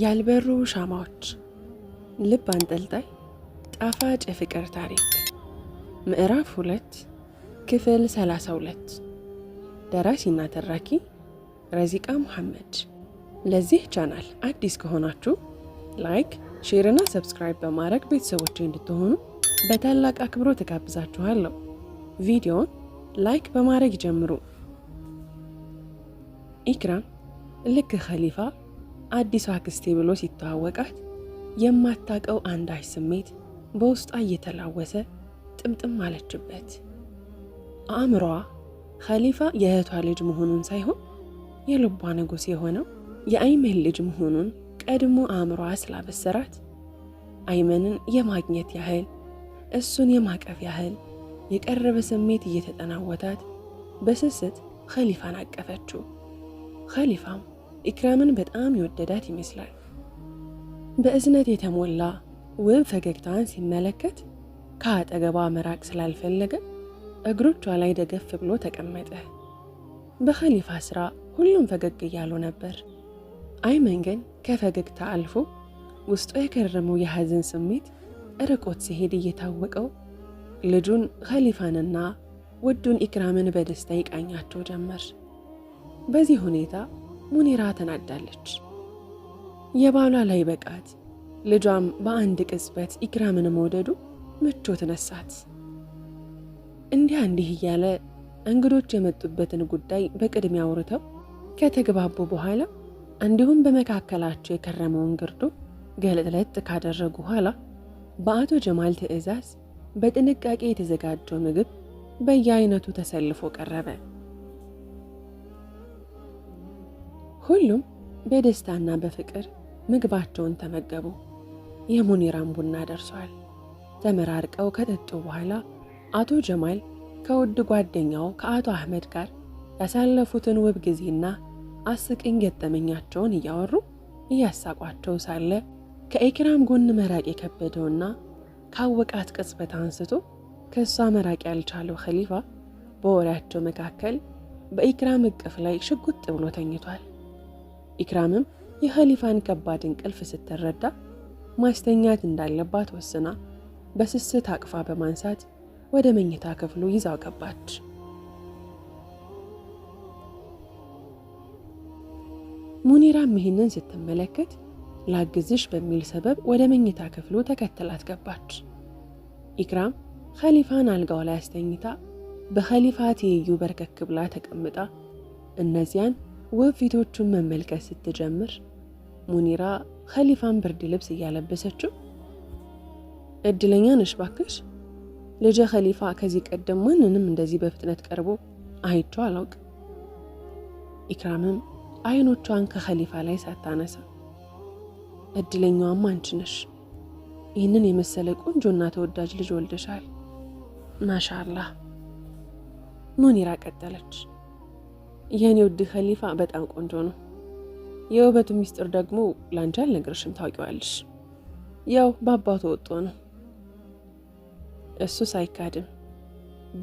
ያልበሩ ሻማዎች ልብ አንጠልጣይ ጣፋጭ የፍቅር ታሪክ ምዕራፍ ሁለት ክፍል ሁለት ደራሲና ተራኪ ረዚቃ መሐመድ። ለዚህ ቻናል አዲስ ከሆናችሁ ላይክ፣ ሼርና ሰብስክራይብ በማድረግ ቤተሰቦች እንድትሆኑ በታላቅ አክብሮት ተጋብዛችኋለሁ ቪዲዮን ላይክ በማድረግ ጀምሩ። ኢክራም ልክ ኸሊፋ አዲሷ አክስቴ ብሎ ሲተዋወቃት የማታቀው አንዳች ስሜት በውስጧ እየተላወሰ ጥምጥም አለችበት። አእምሯ ኸሊፋ የእህቷ ልጅ መሆኑን ሳይሆን የልቧ ንጉሥ የሆነው የአይመን ልጅ መሆኑን ቀድሞ አእምሯ ስላበሰራት አይመንን የማግኘት ያህል እሱን የማቀፍ ያህል የቀረበ ስሜት እየተጠናወታት በስስት ኸሊፋን አቀፈችው። ኸሊፋም ኢክራምን በጣም ይወደዳት ይመስላል። በእዝነት የተሞላ ውብ ፈገግታን ሲመለከት ከአጠገቧ መራቅ ስላልፈለገ እግሮቿ ላይ ደገፍ ብሎ ተቀመጠ። በኸሊፋ ስራ ሁሉም ፈገግ እያሉ ነበር። አይመን ግን ከፈገግታ አልፎ ውስጡ የከረመው የሐዘን ስሜት ርቆት ሲሄድ እየታወቀው ልጁን ኸሊፋንና ውዱን ኢክራምን በደስታ ይቃኛቸው ጀመር። በዚህ ሁኔታ ሙኒራ ተናዳለች። የባሏ ላይ በቃት ልጇም በአንድ ቅጽበት ኢክራምን መውደዱ ምቾ ትነሳት እንዲህ እንዲህ እያለ እንግዶች የመጡበትን ጉዳይ በቅድሚያ አውርተው ከተግባቡ በኋላ እንዲሁም በመካከላቸው የከረመውን ግርዶ ገለጥለጥ ካደረጉ ኋላ በአቶ ጀማል ትዕዛዝ በጥንቃቄ የተዘጋጀው ምግብ በየአይነቱ ተሰልፎ ቀረበ። ሁሉም በደስታና በፍቅር ምግባቸውን ተመገቡ። የሙኒራም ቡና ደርሷል። ተመራርቀው ከጠጡ በኋላ አቶ ጀማል ከውድ ጓደኛው ከአቶ አህመድ ጋር ያሳለፉትን ውብ ጊዜና አስቂኝ ገጠመኛቸውን እያወሩ እያሳቋቸው ሳለ ከኢክራም ጎን መራቅ የከበደውና ካወቃት ቅጽበት አንስቶ ከእሷ መራቅ ያልቻለው ኸሊፋ በወሬያቸው መካከል በኢክራም እቅፍ ላይ ሽጉጥ ብሎ ተኝቷል። ኢክራምም የኸሊፋን ከባድ እንቅልፍ ስትረዳ ማስተኛት እንዳለባት ወስና በስስት አቅፋ በማንሳት ወደ መኝታ ክፍሉ ይዛው ገባች። ሙኒራም ይህንን ስትመለከት ላግዝሽ በሚል ሰበብ ወደ መኝታ ክፍሉ ተከትላት ገባች። ኢክራም ኸሊፋን አልጋው ላይ አስተኝታ በኸሊፋ ትይዩ በርከክ ብላ ተቀምጣ እነዚያን ውብ ፊቶቹን መመልከት ስትጀምር ሙኒራ ከሊፋን ብርድ ልብስ እያለበሰችው እድለኛ ነሽ ባክሽ፣ ልጀ ኸሊፋ ከዚህ ቀደም ማንንም እንደዚህ በፍጥነት ቀርቦ አይቼው አላውቅም። ኢክራምም አይኖቿን ከከሊፋ ላይ ሳታነሳ እድለኛዋም አንቺ ነሽ፣ ይህንን የመሰለ ቆንጆና ተወዳጅ ልጅ ወልደሻል። ማሻላህ ሙኒራ ቀጠለች። የኔ ውድ ከሊፋ በጣም ቆንጆ ነው። የውበቱ ሚስጥር ደግሞ ለአንቺ አልነግርሽም፣ ታውቂዋለሽ። ያው በአባቱ ወጦ ነው እሱ ሳይካድም፣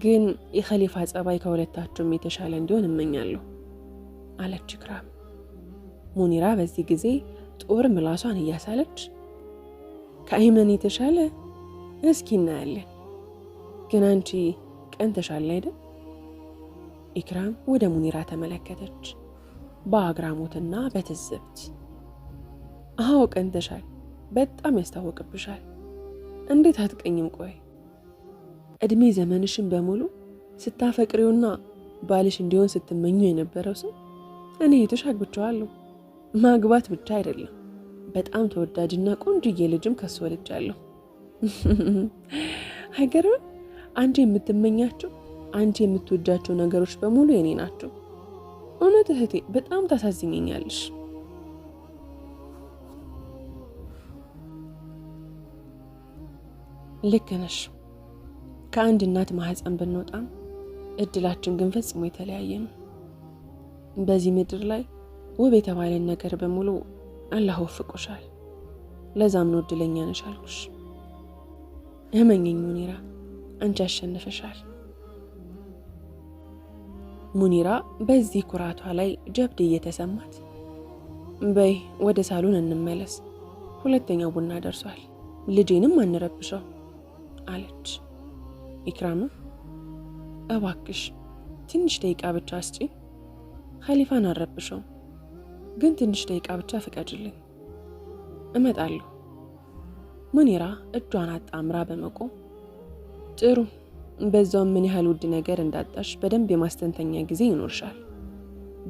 ግን የኸሊፋ ጸባይ ከሁለታችሁም የተሻለ እንዲሆን እመኛለሁ አለች ክራም። ሙኒራ በዚህ ጊዜ ጦር ምላሷን እያሳለች ከአይመን የተሻለ እስኪ እናያለን። ግን አንቺ ቀን ተሻለ አይደል? ኢክራም ወደ ሙኒራ ተመለከተች በአግራሞትና በትዝብት። አዎ ቀንተሻል፣ በጣም ያስታወቅብሻል። እንዴት አትቀኝም? ቆይ እድሜ ዘመንሽን በሙሉ ስታፈቅሪውና ባልሽ እንዲሆን ስትመኙ የነበረው ሰው እኔ እህትሽ አግብቼዋለሁ። ማግባት ብቻ አይደለም በጣም ተወዳጅና ቆንጆዬ ልጅም ከሱ ወልጃለሁ። አይገርምም? አንቺ የምትመኛቸው አንቺ የምትወጃቸው ነገሮች በሙሉ የኔ ናቸው። እውነት እህቴ በጣም ታሳዝኘኛለሽ። ልክ ነሽ። ከአንድ እናት ማህፀን ብንወጣም እድላችን ግን ፈጽሞ የተለያየ ነው። በዚህ ምድር ላይ ውብ የተባለን ነገር በሙሉ አላህ ወፍቆሻል። ለዛም ነው እድለኛ ነሽ አልኩሽ። እመኘኝ ሙኒራ፣ አንቺ አሸንፈሻል። ሙኒራ በዚህ ኩራቷ ላይ ጀብድ እየተሰማት፣ በይ ወደ ሳሎን እንመለስ፣ ሁለተኛው ቡና ደርሷል፣ ልጄንም አንረብሸው አለች። ኢክራም እባክሽ ትንሽ ደቂቃ ብቻ አስጪ፣ ኸሊፋን አረብሸው፣ ግን ትንሽ ደቂቃ ብቻ ፍቀጅልኝ፣ እመጣለሁ። ሙኒራ እጇን አጣምራ በመቆም ጥሩ በዛውም ምን ያህል ውድ ነገር እንዳጣሽ በደንብ የማስተንተኛ ጊዜ ይኖርሻል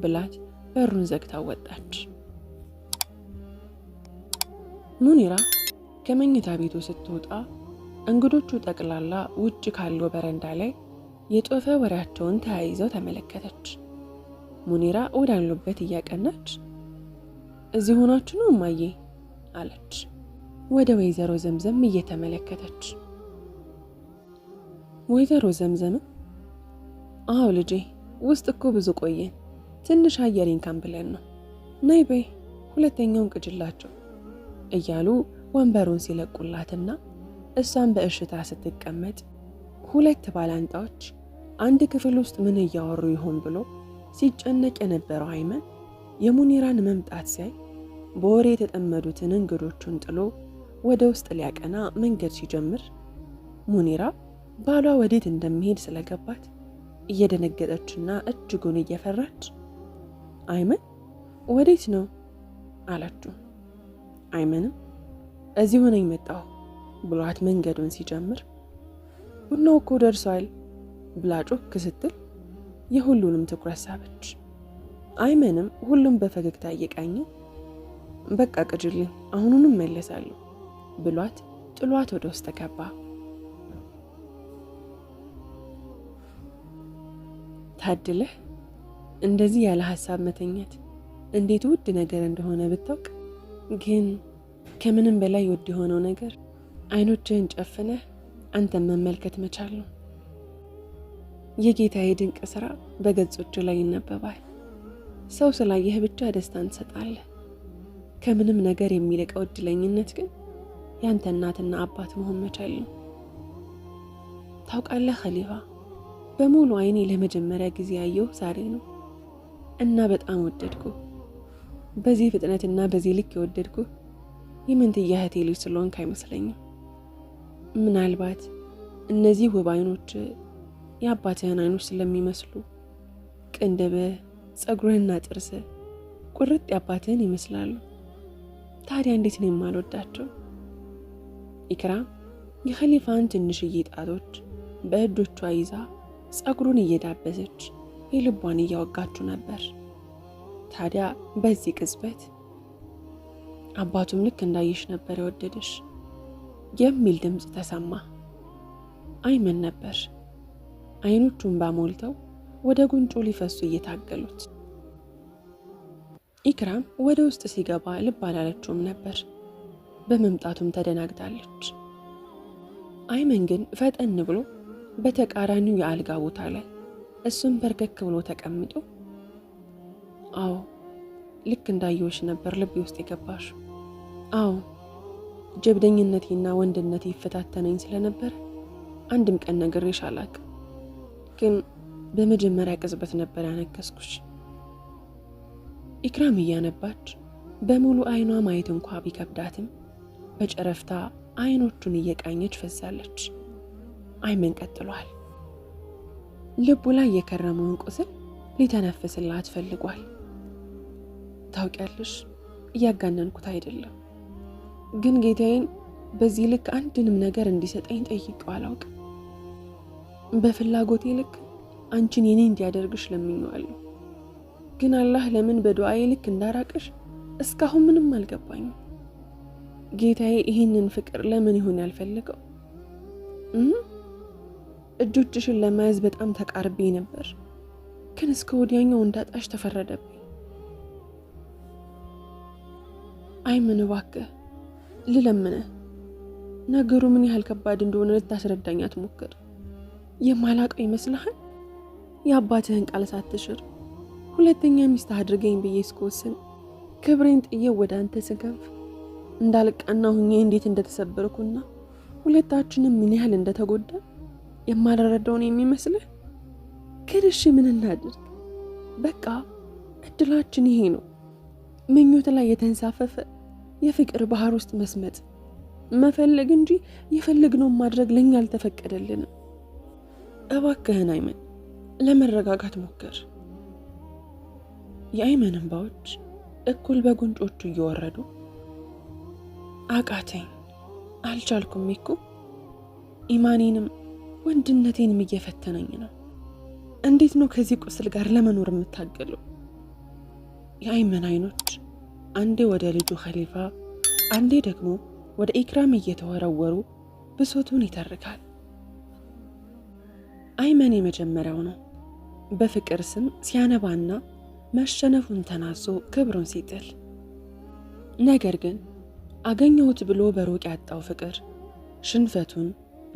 ብላት በሩን ዘግታ ወጣች። ሙኒራ ከመኝታ ቤቱ ስትወጣ እንግዶቹ ጠቅላላ ውጭ ካለው በረንዳ ላይ የጦፈ ወሬያቸውን ተያይዘው ተመለከተች። ሙኒራ ወዳሉበት እያቀናች እዚህ ሆናችሁ ነው እማዬ አለች፣ ወደ ወይዘሮ ዘምዘም እየተመለከተች ወይዘሮ ዘምዘም አዎ ልጄ፣ ውስጥ እኮ ብዙ ቆየን። ትንሽ አየር ይንካን ብለን ነው። ነይ በይ ሁለተኛውን ቅጅላቸው እያሉ ወንበሩን ሲለቁላትና እሷን በእሽታ ስትቀመጥ ሁለት ባላንጣዎች አንድ ክፍል ውስጥ ምን እያወሩ ይሆን ብሎ ሲጨነቅ የነበረው አይመን የሙኒራን መምጣት ሲያይ በወሬ የተጠመዱትን እንግዶቹን ጥሎ ወደ ውስጥ ሊያቀና መንገድ ሲጀምር ሙኒራ ባሏ ወዴት እንደሚሄድ ስለገባት እየደነገጠችና እጅጉን እየፈራች አይመን ወዴት ነው አለችው። አይመንም እዚህ ሆነኝ መጣሁ ብሏት መንገዱን ሲጀምር ቡናው እኮ ደርሷል ብላ ጮክ ስትል የሁሉንም ትኩረት ሳበች። አይመንም ሁሉም በፈገግታ እየቃኘ በቃ ቅጅልኝ አሁኑንም መለሳለሁ ብሏት ጥሏት ወደ ውስጥ ገባ። ታድለህ እንደዚህ ያለ ሀሳብ መተኛት እንዴት ውድ ነገር እንደሆነ ብታውቅ። ግን ከምንም በላይ ውድ የሆነው ነገር አይኖችህን ጨፍነህ አንተን መመልከት መቻል ነው። የጌታዬ ድንቅ ስራ በገጾቹ ላይ ይነበባል። ሰው ስላየህ ብቻ ደስታ እንሰጣለ። ከምንም ነገር የሚልቀው እድለኝነት ግን ያንተ እናትና አባት መሆን መቻል ነው። ታውቃለህ ኸሊፋ በሙሉ አይኔ ለመጀመሪያ ጊዜ ያየሁ ዛሬ ነው እና በጣም ወደድኩ። በዚህ ፍጥነትና በዚህ ልክ የወደድኩ የመንትያ እህቴ ልጅ ስለሆንክ አይመስለኝም። ምናልባት እነዚህ ውብ አይኖች የአባትህን አይኖች ስለሚመስሉ ቅንድብህ፣ ጸጉርህና ጥርስህ ቁርጥ የአባትህን ይመስላሉ። ታዲያ እንዴት ነው የማልወዳቸው? ኢክራም የኸሊፋን ትንሽዬ ጣቶች በእጆቿ ይዛ ፀጉሩን እየዳበሰች የልቧን እያወጋችው ነበር። ታዲያ በዚህ ቅጽበት አባቱም ልክ እንዳየሽ ነበር የወደደሽ የሚል ድምፅ ተሰማ። አይመን ነበር። አይኖቹን ባሞልተው ወደ ጉንጩ ሊፈሱ እየታገሉት። ኢክራም ወደ ውስጥ ሲገባ ልብ አላለችውም ነበር። በመምጣቱም ተደናግጣለች። አይመን ግን ፈጠን ብሎ በተቃራኒው የአልጋ ቦታ ላይ እሱም በርከክ ብሎ ተቀምጦ አዎ ልክ እንዳየሁሽ ነበር ልቤ ውስጥ የገባሽ። አዎ ጀብደኝነቴና ወንድነቴ ይፈታተነኝ ስለነበር አንድም ቀን ነግሬሽ አላቅም። ግን በመጀመሪያ ቅጽበት ነበር ያነከስኩሽ። ኢክራም እያነባች በሙሉ አይኗ ማየት እንኳ ቢከብዳትም በጨረፍታ አይኖቹን እየቃኘች ፈዛለች። አይመን ቀጥሏል። ልቡ ላይ የከረመውን ቁስል ሊተነፍስላት ፈልጓል። ታውቂያለሽ፣ እያጋነንኩት አይደለም፣ ግን ጌታዬን በዚህ ልክ አንድንም ነገር እንዲሰጠኝ ጠይቀው አላውቅም። በፍላጎቴ ልክ አንቺን የኔ እንዲያደርግሽ ለምኜዋለሁ። ግን አላህ ለምን በዱዓዬ ልክ እንዳራቅሽ እስካሁን ምንም አልገባኝ? ጌታዬ ይህንን ፍቅር ለምን ይሆን ያልፈልገው? እጆችሽን ለመያዝ በጣም ተቃርቤ ነበር፣ ግን እስከ ወዲያኛው እንዳጣሽ ተፈረደብኝ። አይ ምን እባክህ ልለምንህ፣ ነገሩ ምን ያህል ከባድ እንደሆነ ልታስረዳኝ አትሞክር። የማላውቀው ይመስልሃል? የአባትህን ቃል ሳትሽር ሁለተኛ ሚስት አድርገኝ ብዬ እስከወስን ክብሬን ጥዬ ወደ አንተ ስገብ እንዳልቃና ሁኜ እንዴት እንደተሰበርኩና ሁለታችንም ምን ያህል እንደተጎዳ የማልረዳውን የሚመስልህ? ግን ምን እናድርግ? በቃ እድላችን ይሄ ነው። ምኞት ላይ የተንሳፈፈ የፍቅር ባህር ውስጥ መስመጥ መፈለግ እንጂ የፈለግነውን ማድረግ ለኛ አልተፈቀደልንም። እባክህን አይመን፣ ለመረጋጋት ሞክር። የአይመን እንባዎች እኩል በጉንጮቹ እየወረዱ አቃተኝ፣ አልቻልኩም እኮ ኢማኔንም ወንድነቴንም እየፈተነኝ ነው። እንዴት ነው ከዚህ ቁስል ጋር ለመኖር የምታገለው? የአይመን አይኖች አንዴ ወደ ልጁ ኸሊፋ አንዴ ደግሞ ወደ ኢክራም እየተወረወሩ ብሶቱን ይተርካል። አይመን የመጀመሪያው ነው። በፍቅር ስም ሲያነባና መሸነፉን ተናሶ ክብሩን ሲጥል፣ ነገር ግን አገኘሁት ብሎ በሩቅ ያጣው ፍቅር ሽንፈቱን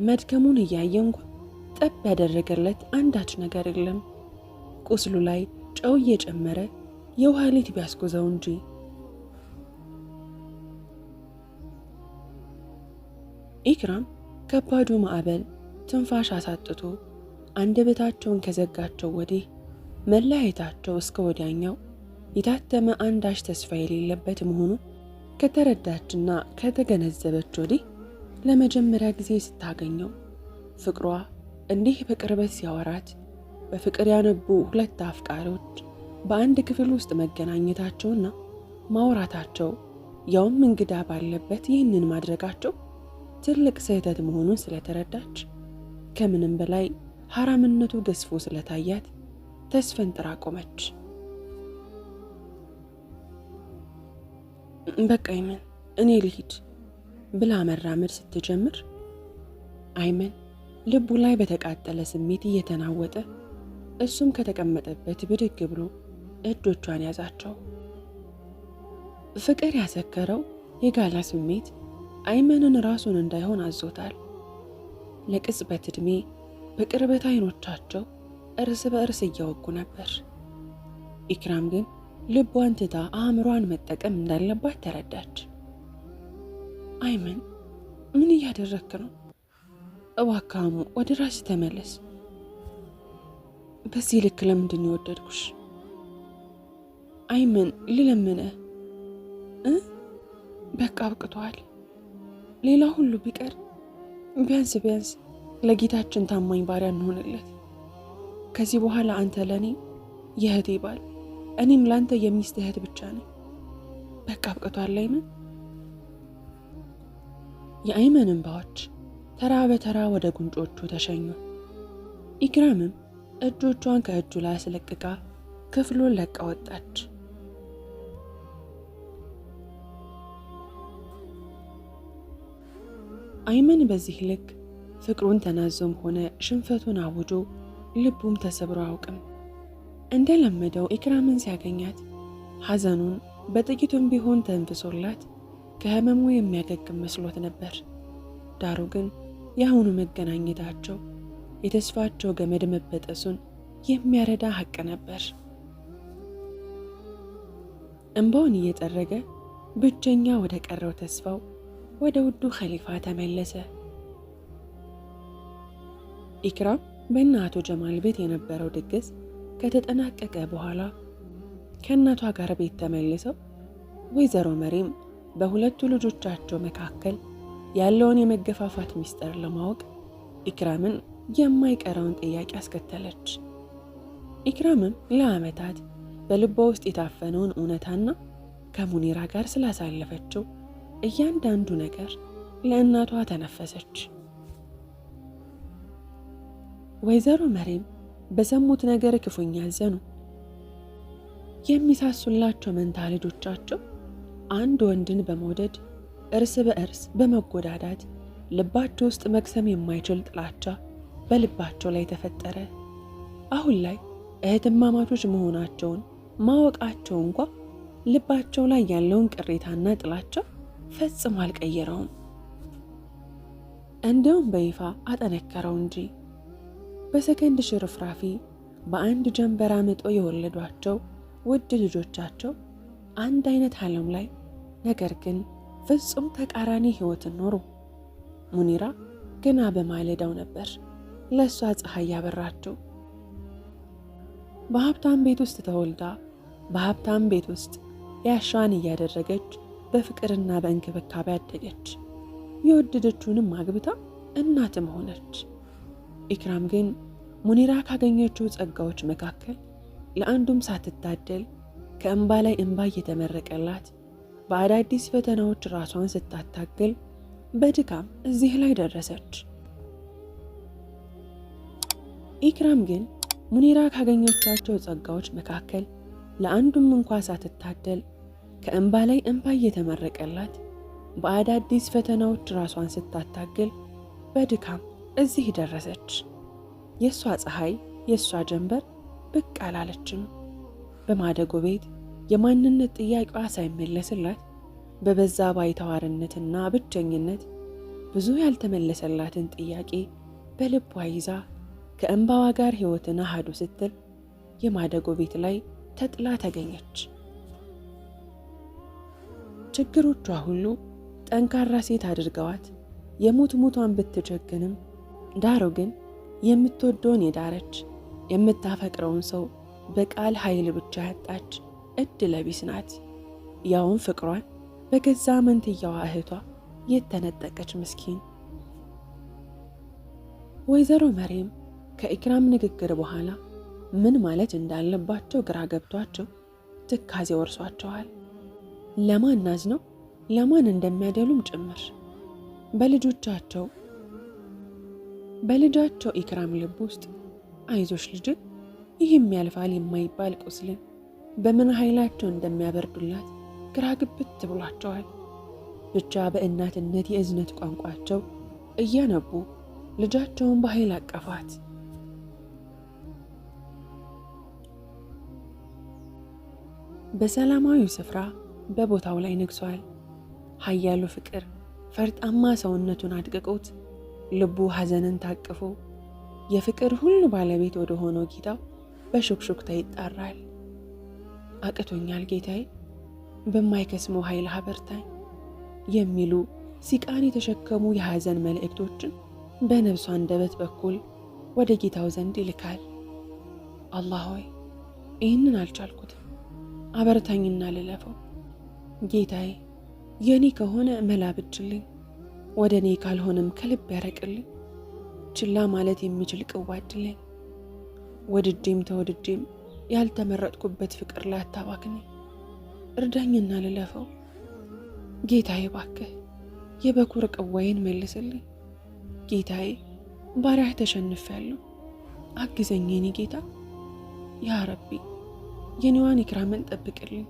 መድከሙን እያየ እንኳ ጠብ ያደረገለት አንዳች ነገር የለም። ቁስሉ ላይ ጨው እየጨመረ የውሃ ሊት ቢያስጎዘው እንጂ። ኢክራም ከባዱ ማዕበል ትንፋሽ አሳጥቶ አንደበታቸውን ከዘጋቸው ወዲህ መለያየታቸው እስከ ወዲያኛው የታተመ አንዳች ተስፋ የሌለበት መሆኑን ከተረዳችና ከተገነዘበች ወዲህ ለመጀመሪያ ጊዜ ስታገኘው ፍቅሯ እንዲህ በቅርበት ሲያወራት በፍቅር ያነቡ ሁለት አፍቃሪዎች በአንድ ክፍል ውስጥ መገናኘታቸውና ማውራታቸው ያውም እንግዳ ባለበት ይህንን ማድረጋቸው ትልቅ ስህተት መሆኑን ስለተረዳች ከምንም በላይ ሐራምነቱ ገዝፎ ስለታያት ተስፈንጥራ ቆመች። በቃ ይምን እኔ ልሂድ ብላ መራመድ ስትጀምር አይመን ልቡ ላይ በተቃጠለ ስሜት እየተናወጠ እሱም ከተቀመጠበት ብድግ ብሎ እጆቿን ያዛቸው። ፍቅር ያሰከረው የጋላ ስሜት አይመንን ራሱን እንዳይሆን አዞታል። ለቅጽበት ዕድሜ በቅርበት አይኖቻቸው እርስ በእርስ እያወጉ ነበር። ኢክራም ግን ልቧን ትታ አእምሯን መጠቀም እንዳለባት ተረዳች። አይመን ምን እያደረግክ ነው? እባካሙ ወደ ራስ ተመለስ። በዚህ ልክ ለምንድን የወደድኩሽ? አይመን ልለምንህ እ በቃ አብቅተዋል። ሌላ ሁሉ ቢቀር ቢያንስ ቢያንስ ለጌታችን ታማኝ ባሪያ እንሆንለት። ከዚህ በኋላ አንተ ለእኔ የእህቴ ባል፣ እኔም ለአንተ የሚስት እህት ብቻ ነኝ። በቃ አብቅቷል አይመን። የአይመን እንባዎች ተራ በተራ ወደ ጉንጮቹ ተሸኙ። ኢክራምም እጆቿን ከእጁ ላይ አስለቅቃ ክፍሉን ለቃ ወጣች። አይመን በዚህ ልክ ፍቅሩን ተናዞም ሆነ ሽንፈቱን አውጆ ልቡም ተሰብሮ አያውቅም። እንደለመደው ኢክራምን ሲያገኛት ሐዘኑን በጥቂቱም ቢሆን ተንፍሶላት ከህመሙ የሚያገግም መስሎት ነበር። ዳሩ ግን የአሁኑ መገናኘታቸው የተስፋቸው ገመድ መበጠሱን የሚያረዳ ሀቅ ነበር። እንባውን እየጠረገ ብቸኛ ወደ ቀረው ተስፋው ወደ ውዱ ኸሊፋ ተመለሰ። ኢክራም በእነ አቶ ጀማል ቤት የነበረው ድግስ ከተጠናቀቀ በኋላ ከእናቷ ጋር ቤት ተመልሰው ወይዘሮ መሪም በሁለቱ ልጆቻቸው መካከል ያለውን የመገፋፋት ምስጢር ለማወቅ ኢክራምን የማይቀረውን ጥያቄ አስከተለች። ኢክራምም ለዓመታት በልቧ ውስጥ የታፈነውን እውነታና ከሙኒራ ጋር ስላሳለፈችው እያንዳንዱ ነገር ለእናቷ ተነፈሰች። ወይዘሮ መሬም በሰሙት ነገር ክፉኛ ዘኑ የሚሳሱላቸው መንታ ልጆቻቸው አንድ ወንድን በመውደድ እርስ በእርስ በመጎዳዳት ልባቸው ውስጥ መክሰም የማይችል ጥላቻ በልባቸው ላይ ተፈጠረ። አሁን ላይ እህትማማቾች መሆናቸውን ማወቃቸው እንኳ ልባቸው ላይ ያለውን ቅሬታና ጥላቻ ፈጽሞ አልቀየረውም። እንደውም በይፋ አጠነከረው እንጂ በሰከንድ ሽርፍራፊ በአንድ ጀንበር አምጦ የወለዷቸው ውድ ልጆቻቸው አንድ አይነት ዓለም ላይ ነገር ግን ፍጹም ተቃራኒ ሕይወትን ኖሩ። ሙኒራ ገና በማለዳው ነበር ለእሷ ፀሐይ ያበራችው። በሀብታም ቤት ውስጥ ተወልዳ በሀብታም ቤት ውስጥ ያሻዋን እያደረገች በፍቅርና በእንክብካቤ አደገች። የወደደችውንም አግብታ እናትም ሆነች። ኢክራም ግን ሙኒራ ካገኘችው ጸጋዎች መካከል ለአንዱም ሳትታደል ከእንባ ላይ እንባ እየተመረቀላት በአዳዲስ ፈተናዎች ራሷን ስታታግል በድካም እዚህ ላይ ደረሰች። ኢክራም ግን ሙኒራ ካገኘቻቸው ጸጋዎች መካከል ለአንዱም እንኳ ሳትታደል ከእንባ ላይ እንባ እየተመረቀላት በአዳዲስ ፈተናዎች ራሷን ስታታግል በድካም እዚህ ደረሰች። የእሷ ፀሐይ፣ የእሷ ጀንበር ብቅ አላለችም። በማደጎ ቤት የማንነት ጥያቄዋ ሳይመለስላት በበዛ ባይተዋርነትና ብቸኝነት ብዙ ያልተመለሰላትን ጥያቄ በልቧ ይዛ ከእንባዋ ጋር ሕይወትን አሃዱ ስትል የማደጎ ቤት ላይ ተጥላ ተገኘች። ችግሮቿ ሁሉ ጠንካራ ሴት አድርገዋት የሙት ሙቷን ብትጀግንም ዳሩ ግን የምትወደውን የዳረች የምታፈቅረውን ሰው በቃል ኃይል ብቻ ያጣች እድለ ቢስ ናት። ያውን ፍቅሯን በገዛ መንትያዋ እህቷ የተነጠቀች ምስኪን። ወይዘሮ መሬም ከኢክራም ንግግር በኋላ ምን ማለት እንዳለባቸው ግራ ገብቷቸው ትካዜ ወርሷቸዋል። ለማን አዝነው ለማን እንደሚያደሉም ጭምር በልጆቻቸው በልጃቸው ኢክራም ልብ ውስጥ አይዞሽ ልጅ? ይህም ያልፋል የማይባል ቁስልን በምን ኃይላቸው እንደሚያበርዱላት ግራ ግብት ብሏቸዋል። ብቻ በእናትነት የእዝነት ቋንቋቸው እያነቡ ልጃቸውን በኃይል አቀፋት። በሰላማዊ ስፍራ በቦታው ላይ ነግሷል። ኃያሉ ፍቅር ፈርጣማ ሰውነቱን አድቅቆት ልቡ ሐዘንን ታቅፎ የፍቅር ሁሉ ባለቤት ወደ ሆነው ጌታው በሹክሹክታ ይጣራል። አቅቶኛል ጌታዬ፣ በማይከስመው ኃይል ሀበርታኝ የሚሉ ሲቃን የተሸከሙ የሐዘን መልእክቶችን በነብሷ አንደበት በኩል ወደ ጌታው ዘንድ ይልካል። አላህ ሆይ ይህንን አልቻልኩትም፣ አበርታኝና ልለፈው። ጌታዬ የእኔ ከሆነ መላ ብችልኝ፣ ወደ እኔ ካልሆነም ከልብ ያረቅልኝ፣ ችላ ማለት የሚችል ቅዋድልኝ ወድጄም ተወድጄም ያልተመረጥኩበት ፍቅር ላይ አታባክኔ፣ እርዳኝና ልለፈው ጌታዬ። ባክህ የበኩር ቅዋዬን መልስልኝ ጌታዬ። ባሪያህ ተሸንፌያለሁ፣ አግዘኝ የኔ ጌታ። ያ ረቢ የኔዋን ኢክራምን ጠብቅልኝ፣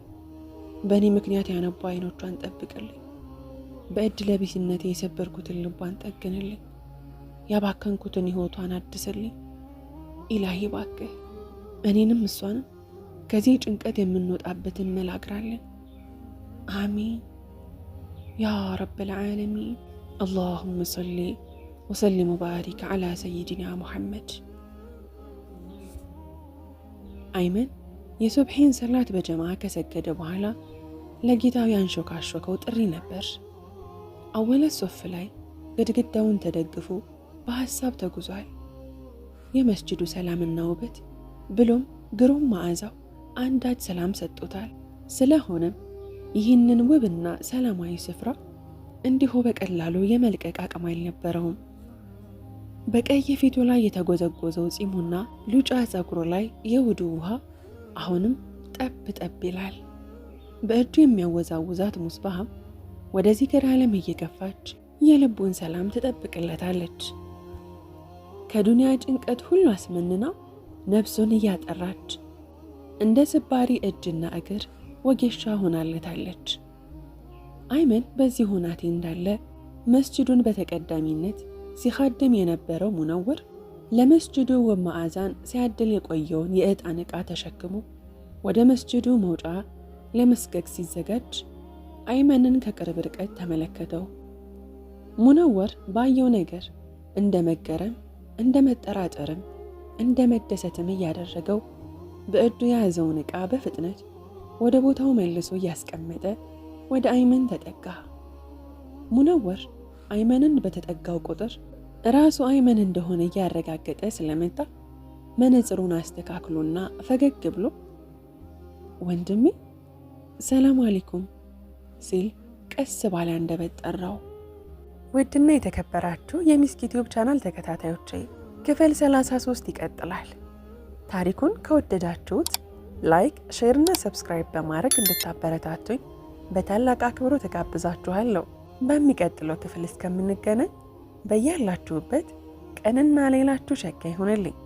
በእኔ ምክንያት ያነቡ አይኖቿን ጠብቅልኝ፣ በእድ ለቢስነት የሰበርኩትን ልቧን ጠግንልኝ፣ ያባከንኩትን ሕይወቷን አድስልኝ። ኢላሂ ባክህ እኔንም እሷንም ከዚህ ጭንቀት የምንወጣበትን መላግራለን። አሚን ያ ረብል ዓለሚን። አላሁመ ሰሊ ወሰሊም ወባሪክ ዓላ ሰይድና ሙሐመድ። አይመን የሱብሒን ሰላት በጀማ ከሰገደ በኋላ ለጌታው ያንሾካሾከው ጥሪ ነበር። አወለ ሶፍ ላይ ግድግዳውን ተደግፎ በሐሳብ ተጉዟል። የመስጅዱ ሰላምና ውበት ብሎም ግሩም መዓዛው አንዳች ሰላም ሰጥቶታል። ስለሆነም ይህንን ውብና ሰላማዊ ስፍራ እንዲሁ በቀላሉ የመልቀቅ አቅም አልነበረውም። በቀይ ፊቱ ላይ የተጎዘጎዘው ፂሙና ሉጫ ፀጉሩ ላይ የውዱ ውሃ አሁንም ጠብ ጠብ ይላል። በእጁ የሚያወዛውዛት ሙስባሃም ወደዚህ ግራ ዓለም እየገፋች የልቡን ሰላም ትጠብቅለታለች። ከዱንያ ጭንቀት ሁሉ አስመንና ነፍሱን እያጠራች እንደ ስባሪ እጅና እግር ወጌሻ ሆናለታለች። አይመን በዚህ ሁናቴ እንዳለ መስጅዱን በተቀዳሚነት ሲኻድም የነበረው ሙነውር ለመስጅዱ ውብ መዓዛን ሲያድል የቆየውን የዕጣን ዕቃ ተሸክሞ ወደ መስጅዱ መውጫ ለመስገግ ሲዘጋጅ አይመንን ከቅርብ ርቀት ተመለከተው። ሙነወር ባየው ነገር እንደ መገረም እንደ መጠራጠርም እንደ መደሰትም እያደረገው በእጁ የያዘውን ዕቃ በፍጥነት ወደ ቦታው መልሶ እያስቀመጠ ወደ አይመን ተጠጋ። ሙነወር አይመንን በተጠጋው ቁጥር ራሱ አይመን እንደሆነ እያረጋገጠ ስለመጣ መነጽሩን አስተካክሎና ፈገግ ብሎ ወንድሜ ሰላም አለይኩም ሲል ቀስ ባለ አንደበት ጠራው። ውድና የተከበራችሁ የሚስክ ዩቲዩብ ቻናል ተከታታዮቼ ክፍል 33 ይቀጥላል። ታሪኩን ከወደዳችሁት ላይክ፣ ሼር እና ሰብስክራይብ በማድረግ እንድታበረታቱኝ በታላቅ አክብሮ ተጋብዛችኋለሁ። በሚቀጥለው ክፍል እስከምንገናኝ በያላችሁበት ቀንና ሌላችሁ ሸጋ ይሆንልኝ።